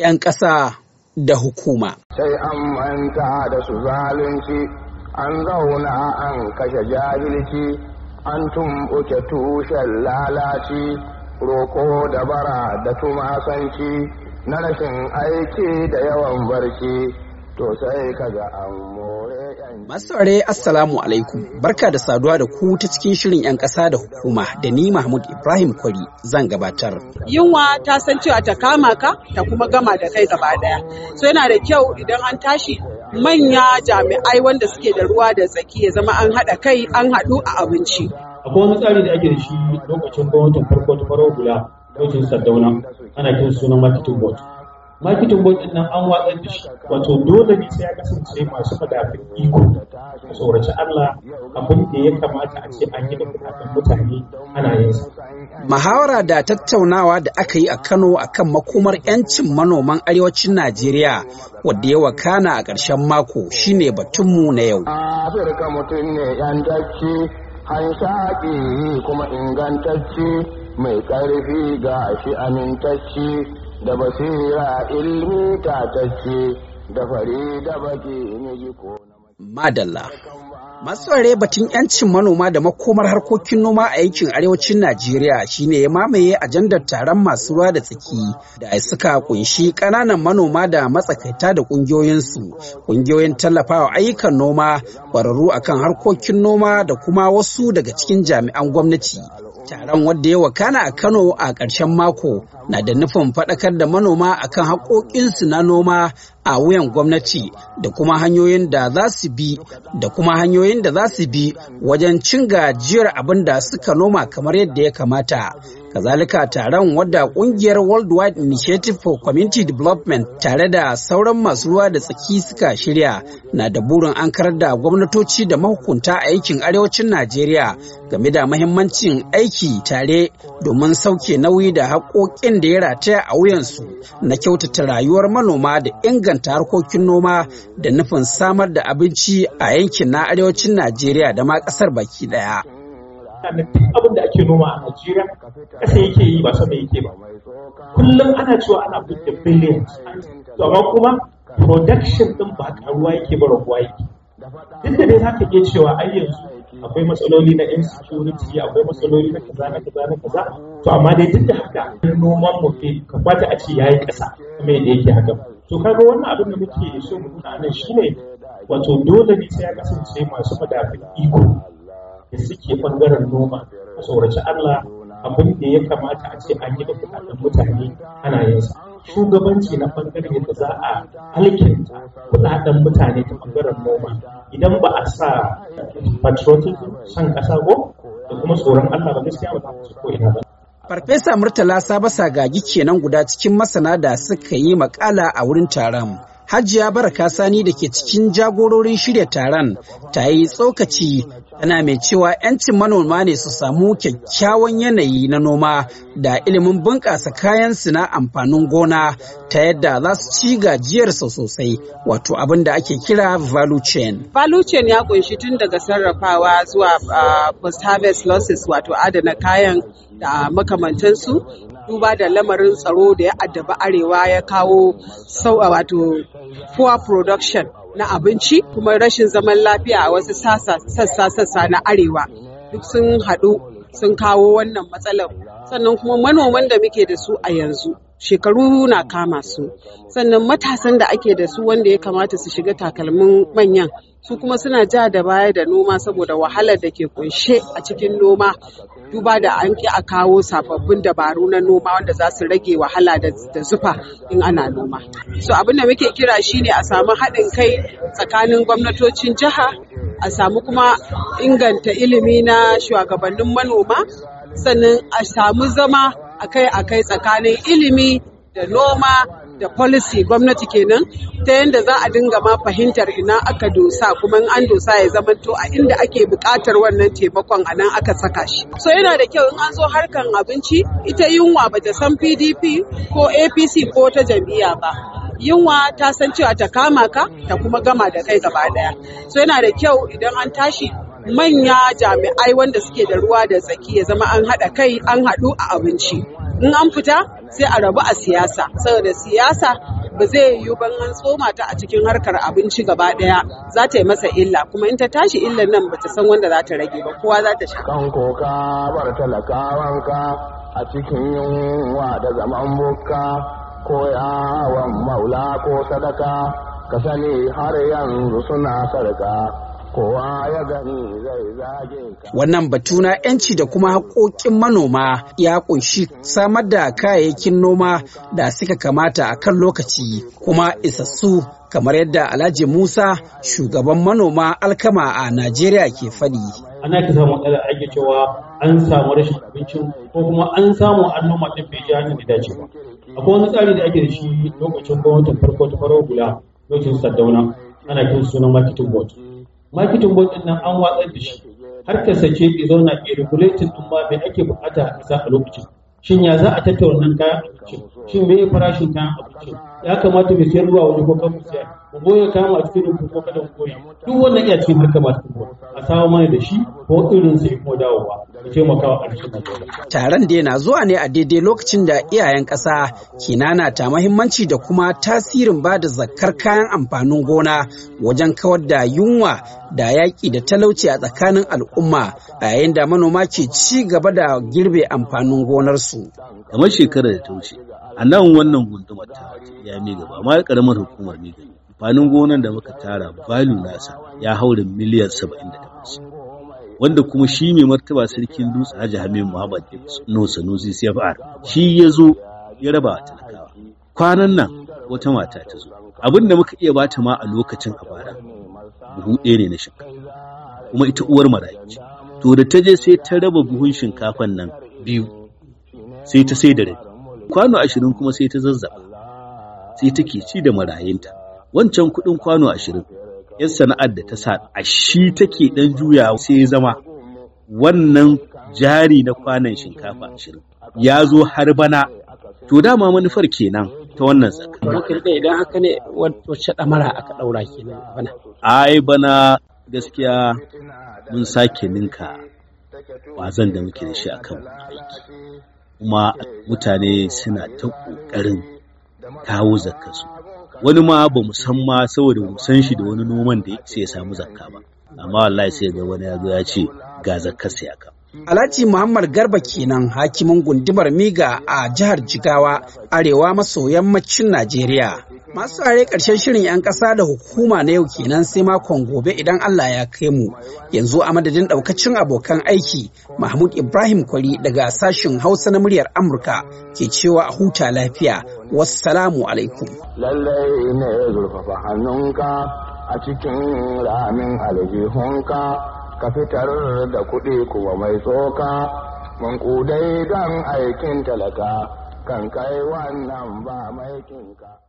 'yan ƙasa da hukuma. Sai an manta da su zalunci, an zauna an kashe jahilci, an tumɓuke tushen lalaci, roƙo da bara da tumasanci, na rashin aiki da yawan barci. Masu Assalamu alaikum, barka da saduwa da ku ta cikin shirin 'yan ƙasa da hukuma da ni Mahmud Ibrahim Kwari zan gabatar. Yunwa ta san cewa ta kama ka ta kuma gama da kai gaba daya So yana da kyau idan an tashi manya jami'ai wanda suke da ruwa da tsaki ya zama an haɗa kai an haɗu a abinci. Akwai wani tsari da ake da shi lokacin gwamnatin farko ta lokacin sardauna ana kiran sunan marketing board. marketing board nan an watsar da shi wato dole ne sai ya kasance masu fadafin iko da tsoraci Allah abin da ya kamata a ce an yi da bukatun mutane ana yin sa Mahawara da tattaunawa da aka yi a Kano a kan makomar 'yancin manoman arewacin Najeriya wadda ya wakana a ƙarshen mako shine batunmu na yau. Afirka mutum ne 'yantacce, hanshaƙi kuma ingantacci mai ƙarfi ga shi amintacce da basira ilmi tatacce da fari da baki ji ko Madalla. Masu batun 'yancin manoma da makomar harkokin noma a yankin arewacin Najeriya shine ya mamaye ajandar taron masu ruwa da tsaki da suka kunshi ƙananan manoma da matsakaita da ƙungiyoyinsu, ƙungiyoyin tallafawa ayyukan noma, ƙwararru akan harkokin noma da kuma wasu daga cikin jami'an gwamnati. Taron wadda ya wakana a Kano a ƙarshen mako na da nufin faɗakar da manoma akan haƙoƙinsu na noma a wuyan gwamnati da kuma hanyoyin da za su bi da kuma hanyoyin da za su bi wajen cin gajiyar abin da suka noma kamar yadda ya kamata kazalika taron wadda kungiyar worldwide initiative for community development tare da sauran masu ruwa da tsaki suka shirya na da burin an karar da gwamnatoci da mahukunta a yakin arewacin najeriya game da mahimmancin aiki tare domin sauke nauyi da haƙoƙin da ya rataya a wuyansu na kyautata rayuwar manoma da inganta inganta harkokin noma da nufin samar da abinci a yankin na arewacin Najeriya da ma ƙasar baki ɗaya. abin da ake noma a Najeriya ƙasa yake yi ba sama yake ba. Kullum ana cewa ana fitar billions, amma kuma production ɗin ba ƙaruwa yake ba raguwa yake. Duk da dai za ka iya cewa ai yanzu akwai matsaloli na insecurity akwai matsaloli na kaza na kaza na kaza to amma dai duk da haka noman mu ke kamata a ce ya yi kasa kuma yadda yake haka to kaga wannan abin da muke da so mu a nan shine wato dole ne sai ya kasance masu madafin iko da suke bangaren noma a tsoraci Allah abin da ya kamata a ce an yi da kudaden mutane ana yin sa shugabanci na bangaren yadda za a alkinta kudaden mutane ta bangaren noma idan ba a sa patriotism san kasa ko da kuma tsoron Allah ba gaskiya ba ta ko ina ba Farfesa Murtala Saba gagi kenan guda cikin masana da suka yi makala a wurin taron. Hajiya Baraka Sani da ke cikin jagororin shirya taron ta yi tsokaci tana mai cewa 'yancin manoma ne su samu kyakkyawan yanayi na noma da ilimin bunƙasa kayan su na amfanin gona ta yadda za su ci gajiyarsa sosai wato abin da ake kira value chain. Value chain ya kunshi tun daga sarrafawa zuwa ah, post harvest losses wato adana kayan da makamantansu duba da lamarin tsaro da ya addaba arewa ya kawo sau wato poor production na abinci kuma rashin zaman lafiya a wasu sassa-sassa na arewa duk sun haɗu sun kawo wannan matsalar sannan kuma manoman da muke da su a yanzu shekaru na kama su sannan matasan da ake da su wanda ya kamata su shiga takalmin manyan su kuma suna ja da baya da noma saboda wahalar da ke kunshe a cikin noma duba da an ki a kawo sababbin dabaru na noma wanda za su rage wahala da zufa in ana noma so abin da muke kira shine a samu haɗin kai tsakanin gwamnatocin jiha a samu kuma inganta ilimi na shugabannin manoma sannan a samu zama akai-akai tsakanin ilimi da noma da policy gwamnati kenan ta yadda za a dinga ma fahimtar ina aka dosa kuma in an dosa ya zama to a inda ake buƙatar wannan taimakon a nan aka saka shi. So yana da kyau in an zo harkan abinci ita yunwa ba ta san PDP ko APC ko ta jam'iyya ba. yunwa ta san cewa ta kama ka ta kuma gama da kai gaba daya so yana da kyau idan an tashi manya jami'ai wanda suke da ruwa da tsaki ya zama an haɗa kai an haɗu a abinci in an fita sai a rabu a siyasa saboda siyasa ba zai yiwu ban an tsoma ta a cikin harkar abinci gaba daya za ta yi masa illa kuma in ta tashi illan nan ba ta san wanda za ta rage ba kowa za ta sha kan koka bar talakawanka a cikin yunwa da zaman bukka ko yawon maula ko sadaka ka sani har yanzu suna sarka Wannan batu na 'yanci da kuma haƙoƙin manoma ya ƙunshi samar da kayayyakin noma da suka kamata a kan lokaci kuma isassu kamar yadda Alhaji Musa shugaban manoma alkama a Najeriya ke faɗi. Ana ka samu matsala ake cewa an samu rashin abincin ko kuma an samu an noma ɗin bai ji hanyar da ba. Akwai wani tsari da ake da shi lokacin gwamnatin farko ta farar gula lokacin Sardauna ana kin sunan marketing board. marketing board din nan an watsar da shi har sace ke zauna ke regulating din ba bai ake bukata a kasa a lokacin shin ya za a tattauna kayan abincin shin me farashin kayan abincin ya kamata mai sayar ruwa wani ko kan mu sayar mu goya kama a cikin ku ko kada mu goya duk wannan iya cikin harkar masu kuma a samu mai da shi ko irin sai kuma dawowa mu taimaka wa ƙarshen taron da yana zuwa ne a daidai lokacin da iyayen ƙasa ke nanata mahimmanci da kuma tasirin ba da zakkar kayan amfanin gona wajen kawar da yunwa da yaƙi da talauci a tsakanin al'umma a yayin da manoma ke ci gaba da girbe amfanin gonarsu. kamar shekarar da ta wuce a nan wannan gundumar ta ya mi gaba amma karamar hukumar mi gani amfanin gonan da muka tara balu nasa ya hau da miliyan saba'in da takwas, wanda kuma shi mai martaba sarkin dutse Haji Hamid Muhammad No Sanusi CFR shi ya zo ya raba talakawa kwanan nan wata mata ta zo abin da muka iya bata ma a lokacin a bara buhu ɗaya ne na shinkafa kuma ita uwar marayu to da ta je sai ta raba buhun shinkafan nan biyu sai ta sai da rabi kwano ashirin kuma sai ta zazzaba sai take ci da marayinta wancan kuɗin kwano ashirin yan sana'ar da ta sa a shi take ɗan juya sai ya zama wannan jari na kwanan shinkafa ashirin ya zo har bana to dama manufar kenan ta wannan zakka. idan haka ne wacce ɗamara aka ɗaura kenan bana. Ai bana gaskiya mun sake ninka wazan da muke da shi akan aiki kuma mutane suna ta ƙoƙarin kawo zakkarsu wani ma ba mu san ma saboda mu san shi da wani noman da sai ya samu zakka ba amma wallahi sai ga wani ya zo ya ce ga zakkar sai aka Alhaji Muhammad Garba kenan hakimin gundumar Miga a jihar Jigawa arewa maso yammacin Najeriya. Masu are karshen shirin 'yan ƙasa da hukuma na yau kenan sai makon gobe idan Allah ya kai mu. Yanzu a madadin ɗaukacin abokan aiki Mahmud Ibrahim Kwari daga sashen Hausa na muryar Amurka ke cewa a huta lafiya. wassalamu alaikum lallai ne zurfafa hannunka a cikin ramin aljihunka ka fitar da kuɗi kuma mai tsoka mankudai don aikin talaka kan kai wannan ba maikinka